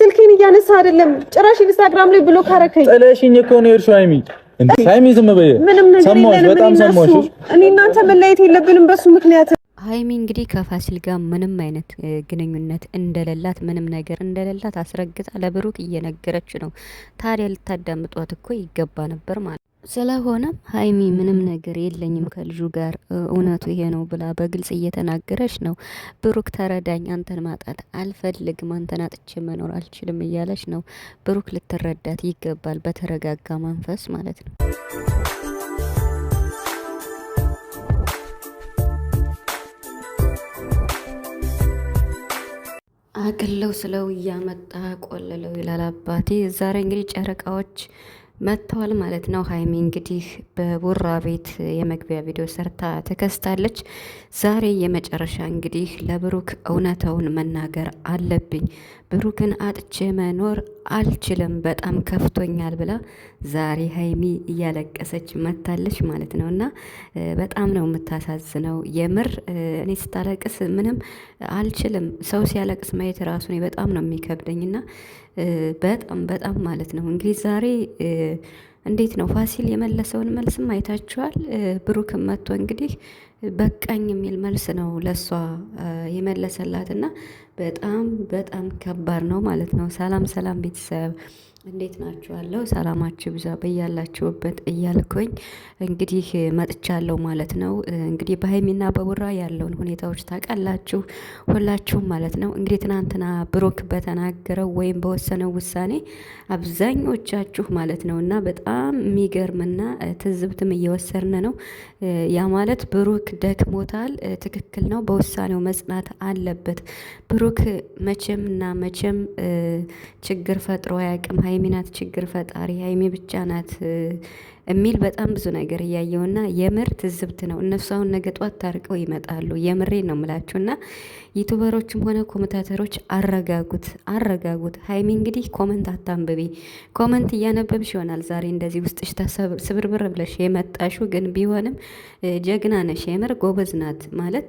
ስልኬን እያነሳ አይደለም። ጭራሽ ኢንስታግራም ላይ ብሎክ አደረከኝ። ጥለሽኝ እኮ ነው የሄድሽው ሃይሚ። ሃይሚ ዝም በይ። ምንም በጣም የለንም። እኔ እናንተ መለያየት የለብንም በሱ ምክንያት። ሃይሚ እንግዲህ ከፋሲል ጋር ምንም አይነት ግንኙነት እንደሌላት ምንም ነገር እንደሌላት አስረግጣ ለብሩክ እየነገረች ነው። ታዲያ ልታዳምጧት እኮ ይገባ ነበር ማለት ስለሆነም ሀይሚ ምንም ነገር የለኝም ከልጁ ጋር እውነቱ ይሄ ነው ብላ በግልጽ እየተናገረች ነው። ብሩክ ተረዳኝ፣ አንተን ማጣት አልፈልግም፣ አንተን አጥቼ መኖር አልችልም እያለች ነው። ብሩክ ልትረዳት ይገባል፣ በተረጋጋ መንፈስ ማለት ነው። አቅለው ስለው እያመጣ ቆለለው ይላል አባቴ። ዛሬ እንግዲህ ጨረቃዎች መጥተዋል ማለት ነው። ሀይሚ እንግዲህ በቡራ ቤት የመግቢያ ቪዲዮ ሰርታ ተከስታለች። ዛሬ የመጨረሻ እንግዲህ ለብሩክ እውነታውን መናገር አለብኝ፣ ብሩክን አጥቼ መኖር አልችልም በጣም ከፍቶኛል ብላ ዛሬ ሀይሚ እያለቀሰች መታለች ማለት ነው። እና በጣም ነው የምታሳዝነው። የምር እኔ ስታለቅስ ምንም አልችልም። ሰው ሲያለቅስ ማየት ራሱ እኔ በጣም ነው የሚከብደኝ። እና በጣም በጣም ማለት ነው እንግዲህ ዛሬ እንዴት ነው ፋሲል የመለሰውን መልስም አይታችኋል። ብሩክም መጥቶ እንግዲህ በቃኝ የሚል መልስ ነው ለሷ የመለሰላት እና በጣም በጣም ከባድ ነው ማለት ነው። ሰላም ሰላም ቤተሰብ እንዴት ናችኋለሁ? ሰላማችሁ ብዛ በያላችሁበት እያልኩኝ እንግዲህ መጥቻለሁ ማለት ነው። እንግዲህ በሀይሚና በቡራ ያለውን ሁኔታዎች ታውቃላችሁ ሁላችሁም ማለት ነው። እንግዲህ ትናንትና ብሩክ በተናገረው ወይም በወሰነው ውሳኔ አብዛኞቻችሁ ማለት ነው እና በጣም የሚገርምና ትዝብትም እየወሰድን ነው። ያ ማለት ብሩክ ደክሞታል። ትክክል ነው። በውሳኔው መጽናት አለበት። ብሩክ መቼም እና መቼም ችግር ፈጥሮ አያውቅም። ሀይሚ ናት ችግር ፈጣሪ ሀይሚ ብቻ ናት የሚል በጣም ብዙ ነገር እያየውና የምር ትዝብት ነው። እነሱ አሁን ነገ ጧት ታርቀው ይመጣሉ። የምሬ ነው ምላችሁና ዩቱበሮችም ሆነ ኮመንታተሮች አረጋጉት፣ አረጋጉት። ሀይሚ እንግዲህ ኮመንት አታንብቢ። ኮመንት እያነበብሽ ይሆናል ዛሬ እንደዚህ ውስጥሽ ስብርብር ብለሽ የመጣሹ ግን ቢሆንም ጀግና ነሽ፣ የምር ጎበዝ ናት። ማለት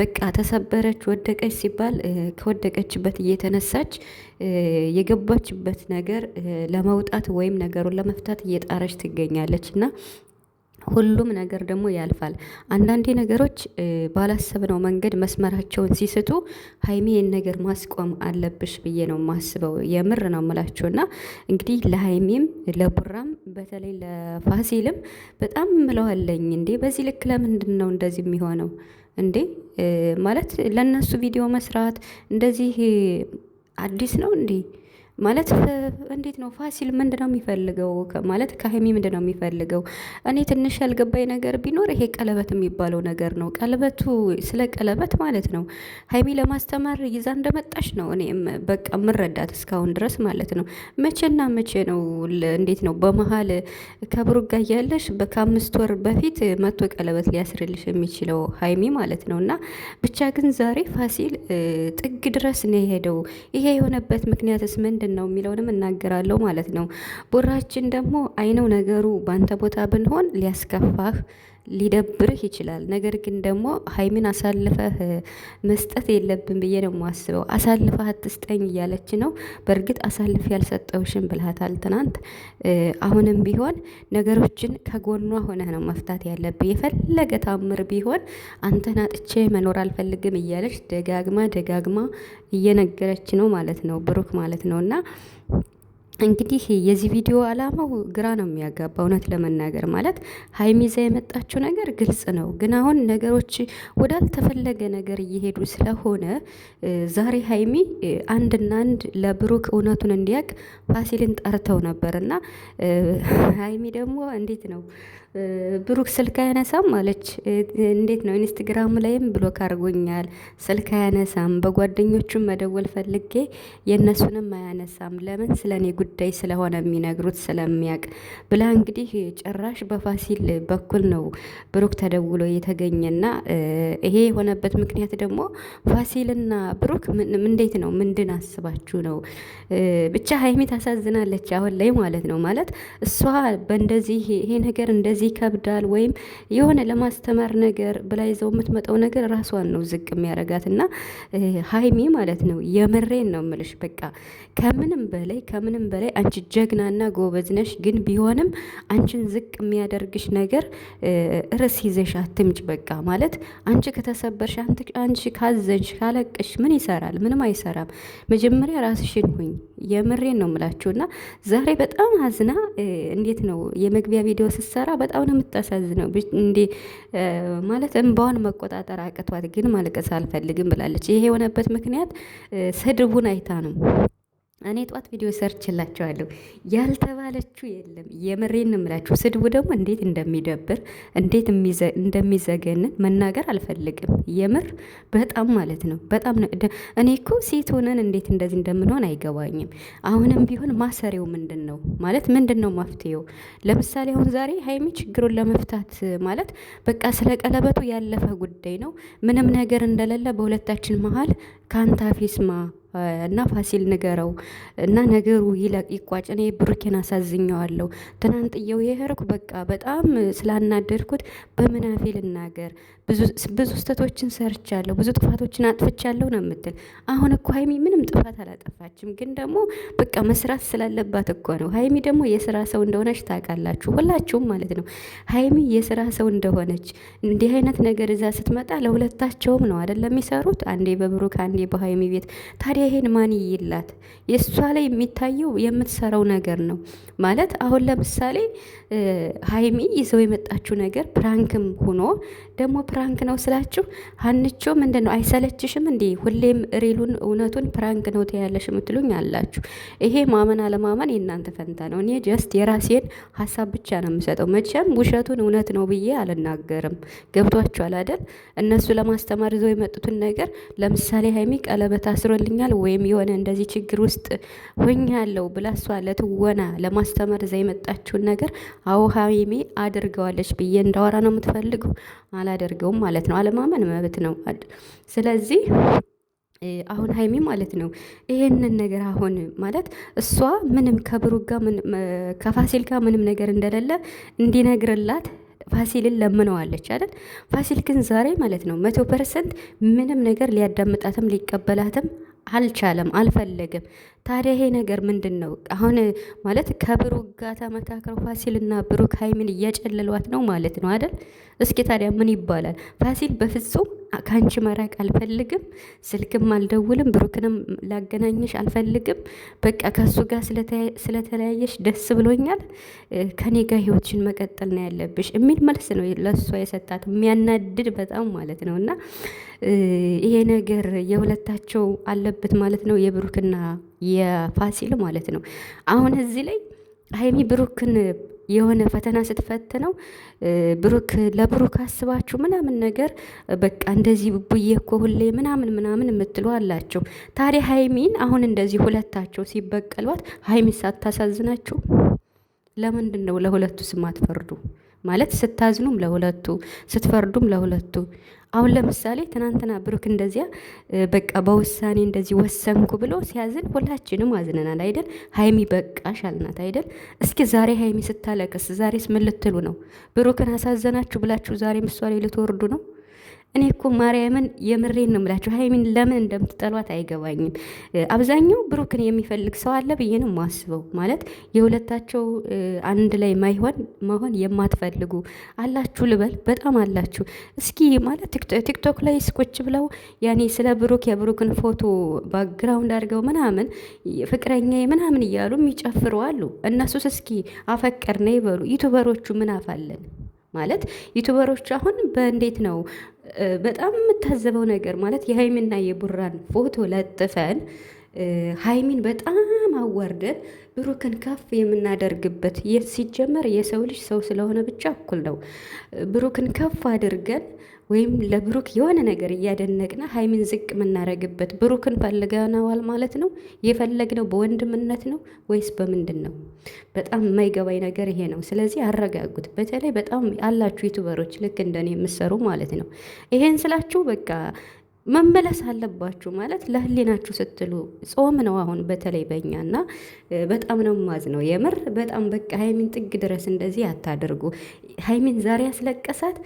በቃ ተሰበረች፣ ወደቀች ሲባል ከወደቀችበት እየተነሳች የገባችበት ነገር ለመውጣት ወይም ነገሩን ለመፍታት እየጣረች ትገኛል። ትላለች እና ሁሉም ነገር ደግሞ ያልፋል። አንዳንዴ ነገሮች ባላሰብነው መንገድ መስመራቸውን ሲስቱ ሀይሚ ይህን ነገር ማስቆም አለብሽ ብዬ ነው ማስበው። የምር ነው ምላችሁ እና እንግዲህ ለሀይሚም ለቡራም በተለይ ለፋሲልም በጣም ምለዋለኝ እንዴ በዚህ ልክ ለምንድን ነው እንደዚህ የሚሆነው እንዴ? ማለት ለእነሱ ቪዲዮ መስራት እንደዚህ አዲስ ነው እንዴ? ማለት እንዴት ነው ፋሲል ምንድነው የሚፈልገው? ማለት ከሀይሚ ምንድነው የሚፈልገው? እኔ ትንሽ ያልገባኝ ነገር ቢኖር ይሄ ቀለበት የሚባለው ነገር ነው። ቀለበቱ ስለ ቀለበት ማለት ነው ሀይሚ ለማስተማር ይዛ እንደመጣሽ ነው እኔ በቃ ምረዳት እስካሁን ድረስ ማለት ነው። መቼና መቼ ነው እንዴት ነው በመሀል ከብሩ ጋ እያለሽ ከአምስት ወር በፊት መቶ ቀለበት ሊያስርልሽ የሚችለው ሀይሚ ማለት ነው። እና ብቻ ግን ዛሬ ፋሲል ጥግ ድረስ ነው የሄደው። ይሄ የሆነበት ምክንያትስ ምንድን ምንድን ነው የሚለውንም እናገራለሁ ማለት ነው። ቡራችን ደግሞ አይነው ነገሩ ባንተ ቦታ ብንሆን ሊያስከፋህ ሊደብርህ ይችላል። ነገር ግን ደግሞ ሀይሚን አሳልፈህ መስጠት የለብን ብዬ ነው የማስበው። አሳልፈህ አትስጠኝ እያለች ነው። በእርግጥ አሳልፍ ያልሰጠውሽን ብልሃታል ትናንት። አሁንም ቢሆን ነገሮችን ከጎኗ ሆነህ ነው መፍታት ያለብህ። የፈለገ ታምር ቢሆን አንተን አጥቼ መኖር አልፈልግም እያለች ደጋግማ ደጋግማ እየነገረች ነው ማለት ነው፣ ብሩክ ማለት ነው እና እንግዲህ የዚህ ቪዲዮ አላማው ግራ ነው የሚያጋባ። እውነት ለመናገር ማለት ሀይሚ ይዛ የመጣችው ነገር ግልጽ ነው፣ ግን አሁን ነገሮች ወዳልተፈለገ ነገር እየሄዱ ስለሆነ ዛሬ ሀይሚ አንድና አንድ ለብሩክ እውነቱን እንዲያውቅ ፋሲልን ጠርተው ነበር እና ሀይሚ ደግሞ እንዴት ነው ብሩክ ስልክ አያነሳም አለች። እንዴት ነው ኢንስትግራም ላይም ብሎክ አድርጎኛል፣ ስልክ አያነሳም። በጓደኞቹም መደወል ፈልጌ የእነሱንም አያነሳም። ለምን ስለ እኔ ጉዳይ ስለሆነ የሚነግሩት ስለሚያውቅ ብላ እንግዲህ ጭራሽ በፋሲል በኩል ነው ብሩክ ተደውሎ የተገኘና ይሄ የሆነበት ምክንያት ደግሞ ፋሲልና ብሩክ እንዴት ነው ምንድን አስባችሁ ነው? ብቻ ሀይሚ ታሳዝናለች አሁን ላይ ማለት ነው። ማለት እሷ በእንደዚህ ይሄ ነገር እንደዚህ እንደዚህ ይከብዳል ወይም የሆነ ለማስተማር ነገር ብላ ይዘው የምትመጣው ነገር ራሷን ነው ዝቅ የሚያረጋት እና ሀይሚ ማለት ነው የምሬን ነው ምልሽ። በቃ ከምንም በላይ ከምንም በላይ አንቺ ጀግናና ጎበዝ ነሽ፣ ግን ቢሆንም አንቺን ዝቅ የሚያደርግሽ ነገር ርዕስ ይዘሽ አትምጭ። በቃ ማለት አንቺ ከተሰበርሽ፣ አንቺ ካዘንሽ፣ ካለቅሽ ምን ይሰራል? ምንም አይሰራም። መጀመሪያ ራስሽን ሁኝ። የምሬን ነው እና ዛሬ በጣም አዝና እንዴት ነው የመግቢያ ቪዲዮ ስትሰራ በጣም ነው የምታሳዝነው። እንዴ ማለት እንባዋን መቆጣጠር አቅቷት ግን ማልቀስ አልፈልግም ብላለች። ይሄ የሆነበት ምክንያት ስድቡን አይታ ነው። እኔ ጧት ቪዲዮ ሰርች ያልተባለችው የለም። የምሬን እምላችሁ ስድቡ ደግሞ እንዴት እንደሚደብር እንዴት እንደሚዘገንን መናገር አልፈልግም። የምር በጣም ማለት ነው። በጣም እኔ እኮ ሴት ሆነን እንዴት እንደዚህ እንደምንሆን አይገባኝም። አሁንም ቢሆን ማሰሪው ምንድን ነው ማለት ምንድን ነው መፍትሄው? ለምሳሌ አሁን ዛሬ ሀይሚ ችግሩን ለመፍታት ማለት በቃ ስለ ቀለበቱ ያለፈ ጉዳይ ነው። ምንም ነገር እንደሌለ በሁለታችን መሀል ከአንተ አፍ ይስማ እና ፋሲል ንገረው እና ነገሩ ይለቅ ይቋጭ። እኔ ብሩኬን አሳዝኘዋለሁ። ትናንት ጥየው የሄድኩ በቃ በጣም ስላናደድኩት በምናፌ ልናገር ብዙ ስህተቶችን ሰርቻለሁ፣ ብዙ ጥፋቶችን አጥፍቻለሁ ነው የምትል። አሁን እኮ ሀይሚ ምንም ጥፋት አላጠፋችም፣ ግን ደግሞ በቃ መስራት ስላለባት እኮ ነው። ሀይሚ ደግሞ የስራ ሰው እንደሆነች ታውቃላችሁ፣ ሁላችሁም ማለት ነው። ሀይሚ የስራ ሰው እንደሆነች እንዲህ አይነት ነገር እዛ ስትመጣ ለሁለታቸውም ነው አይደለም የሚሰሩት፣ አንዴ በብሩክ አንዴ በሀይሚ ቤት። ታዲያ ይሄን ማን ይላት? የእሷ ላይ የሚታየው የምትሰራው ነገር ነው ማለት አሁን ለምሳሌ ሀይሚ ይዘው የመጣችው ነገር ፕራንክም ሆኖ ደግሞ ፕራንክ ነው ስላችሁ ሀንቾ ምንድን ነው አይሰለችሽም? እንዴ? ሁሌም ሪሉን እውነቱን ፕራንክ ነው ትያለሽ የምትሉኝ አላችሁ። ይሄ ማመን አለማመን የእናንተ ፈንታ ነው። እኔ ጀስት የራሴን ሀሳብ ብቻ ነው የምሰጠው። መቼም ውሸቱን እውነት ነው ብዬ አልናገርም። ገብቷችኋል አይደል? እነሱ ለማስተማር ይዘው የመጡትን ነገር ለምሳሌ ሀይሚ ቀለበት አስሮልኛል ወይም የሆነ እንደዚህ ችግር ውስጥ ሆኛለሁ ብላ እሷ ለትወና ለማስተማር ይዛ የመጣችውን ነገር አዎ ሀይሚ አድርገዋለች ብዬ እንዳወራ ነው የምትፈልጉ አላደርግ አያስፈልገውም ማለት ነው። አለማመን መብት ነው። ስለዚህ አሁን ሀይሚ ማለት ነው ይሄንን ነገር አሁን ማለት እሷ ምንም ከብሩክ ጋር ከፋሲል ጋር ምንም ነገር እንደሌለ እንዲነግርላት ፋሲልን ለምነዋለች አይደል? ፋሲል ግን ዛሬ ማለት ነው መቶ ፐርሰንት ምንም ነገር ሊያዳምጣትም ሊቀበላትም አልቻለም፣ አልፈለግም። ታዲያ ይሄ ነገር ምንድን ነው? አሁን ማለት ከብሩክ ጋር ተመካክረው ፋሲልና ብሩክ ሀይሚን እያጨለሏት ነው ማለት ነው አይደል? እስኪ ታዲያ ምን ይባላል? ፋሲል በፍጹም ከአንቺ መራቅ አልፈልግም፣ ስልክም አልደውልም፣ ብሩክንም ላገናኘሽ አልፈልግም። በቃ ከእሱ ጋር ስለተለያየሽ ደስ ብሎኛል፣ ከኔ ጋር ህይወትሽን መቀጠል ነው ያለብሽ የሚል መልስ ነው ለእሷ የሰጣት የሚያናድድ በጣም ማለት ነው። እና ይሄ ነገር የሁለታቸው አለበት ማለት ነው የብሩክና የፋሲል ማለት ነው። አሁን እዚህ ላይ ሀይሚ ብሩክን የሆነ ፈተና ስትፈትነው ብሩክ ለብሩክ አስባችሁ ምናምን ነገር በቃ እንደዚህ ቡዬ እኮ ሁሌ ምናምን ምናምን የምትሉ አላቸው። ታዲያ ሀይሚን አሁን እንደዚህ ሁለታቸው ሲበቀሏት ሀይሚ ሳታሳዝናችሁ ለምንድን ነው ለሁለቱ ስም አትፈርዱ? ማለት ስታዝኑም ለሁለቱ ስትፈርዱም ለሁለቱ። አሁን ለምሳሌ ትናንትና ብሩክ እንደዚያ በቃ በውሳኔ እንደዚህ ወሰንኩ ብሎ ሲያዝን ሁላችንም አዝነናል አይደል? ሀይሚ በቃሽ አልናት አይደል? እስኪ ዛሬ ሀይሚ ስታለቅስ፣ ዛሬስ ምን ልትሉ ነው? ብሩክን አሳዘናችሁ ብላችሁ ዛሬ ምሳሌ ልትወርዱ ነው? እኔ እኮ ማርያምን የምሬን ነው የምላችሁ፣ ሀይሚን ለምን እንደምትጠሏት አይገባኝም። አብዛኛው ብሩክን የሚፈልግ ሰው አለ ብዬ ነው ማለት የሁለታቸው አንድ ላይ ማይሆን መሆን የማትፈልጉ አላችሁ ልበል፣ በጣም አላችሁ። እስኪ ማለት ቲክቶክ ላይ ስኮች ብለው ያኔ ስለ ብሩክ የብሩክን ፎቶ ባክግራውንድ አድርገው ምናምን ፍቅረኛ ምናምን እያሉ የሚጨፍሩ አሉ። እነሱስ እስኪ ነ ይበሉ። ዩቱበሮቹ ምን አፋለን ማለት ዩቱበሮቹ አሁን በእንዴት ነው በጣም የምታዘበው ነገር ማለት የሀይሚና የቡራን ፎቶ ለጥፈን ሀይሚን በጣም አዋርደን ብሩክን ከፍ የምናደርግበት ሲጀመር የሰው ልጅ ሰው ስለሆነ ብቻ እኩል ነው። ብሩክን ከፍ አድርገን ወይም ለብሩክ የሆነ ነገር እያደነቅን ሀይሚን ዝቅ የምናረግበት ብሩክን ፈልገነዋል ማለት ነው። የፈለግነው በወንድምነት ነው ወይስ በምንድን ነው? በጣም የማይገባኝ ነገር ይሄ ነው። ስለዚህ አረጋጉት። በተለይ በጣም ያላችሁ ዩቱበሮች ልክ እንደኔ የምሰሩ ማለት ነው። ይሄን ስላችሁ በቃ መመለስ አለባችሁ ማለት ለህሊናችሁ ስትሉ ጾም ነው። አሁን በተለይ በእኛ እና በጣም ነው ማዝ ነው የምር በጣም በቃ ሀይሚን ጥግ ድረስ እንደዚህ አታደርጉ። ሀይሚን ዛሬ ያስለቀሳት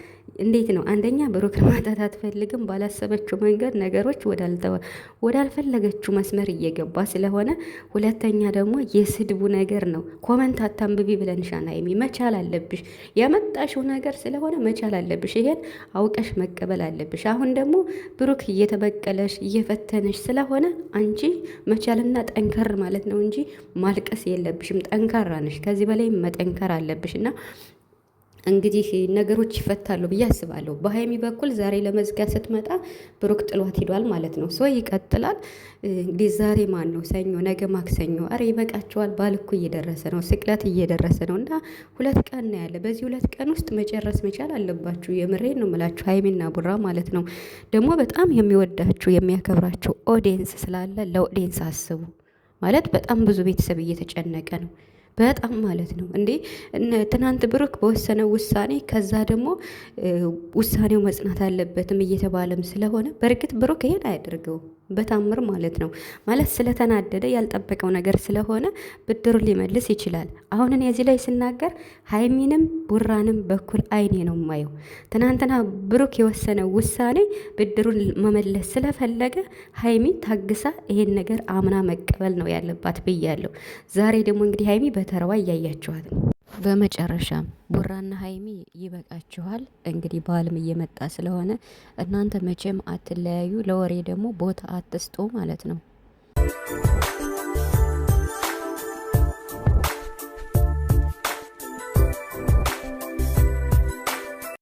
እንዴት ነው? አንደኛ ብሩክ ማጣት አትፈልግም። ባላሰበችው መንገድ ነገሮች ወዳልፈለገችው መስመር እየገባ ስለሆነ፣ ሁለተኛ ደግሞ የስድቡ ነገር ነው። ኮመንት አታንብቢ ብለንሻና የሚ መቻል አለብሽ። ያመጣሽው ነገር ስለሆነ መቻል አለብሽ። ይሄን አውቀሽ መቀበል አለብሽ። አሁን ደግሞ ብሩክ እየተበቀለሽ እየፈተነሽ ስለሆነ አንቺ መቻልና ጠንከር ማለት ነው እንጂ ማልቀስ የለብሽም። ጠንካራ ነሽ። ከዚህ በላይ መጠንከር አለብሽ እና እንግዲህ ነገሮች ይፈታሉ ብዬ አስባለሁ። በሀይሚ በኩል ዛሬ ለመዝጋት ስትመጣ ብሩክ ጥሏት ሂዷል ማለት ነው። ሰው ይቀጥላል እንግዲህ። ዛሬ ማን ነው? ሰኞ፣ ነገ ማክሰኞ። አረ ይበቃቸዋል። በዓል እኮ እየደረሰ ነው፣ ስቅለት እየደረሰ ነው። እና ሁለት ቀን ነው ያለ። በዚህ ሁለት ቀን ውስጥ መጨረስ መቻል አለባችሁ። የምሬን ነው የምላችሁ ሀይሚና ቡራ ማለት ነው። ደግሞ በጣም የሚወዳችሁ የሚያከብራችሁ ኦዲየንስ ስላለ ለኦዲየንስ አስቡ። ማለት በጣም ብዙ ቤተሰብ እየተጨነቀ ነው። በጣም ማለት ነው እንዴ ትናንት ብሩክ በወሰነው ውሳኔ ከዛ ደግሞ ውሳኔው መጽናት አለበትም እየተባለም ስለሆነ በእርግጥ ብሩክ ይሄን አያደርገውም። በታምር ማለት ነው። ማለት ስለተናደደ ያልጠበቀው ነገር ስለሆነ ብድሩ ሊመልስ ይችላል። አሁንን እዚህ ላይ ስናገር ሀይሚንም ቡራንም በኩል አይኔ ነው ማየው። ትናንትና ብሩክ የወሰነ ውሳኔ ብድሩን መመለስ ስለፈለገ ሀይሚ ታግሳ ይሄን ነገር አምና መቀበል ነው ያለባት ብያለሁ። ዛሬ ደግሞ እንግዲህ ሀይሚ በተረዋ እያያቸዋል። በመጨረሻም ቡራና ሀይሚ ይበቃችኋል። እንግዲህ በዓልም እየመጣ ስለሆነ እናንተ መቼም አትለያዩ። ለወሬ ደግሞ ቦታ አትስጡ ማለት ነው።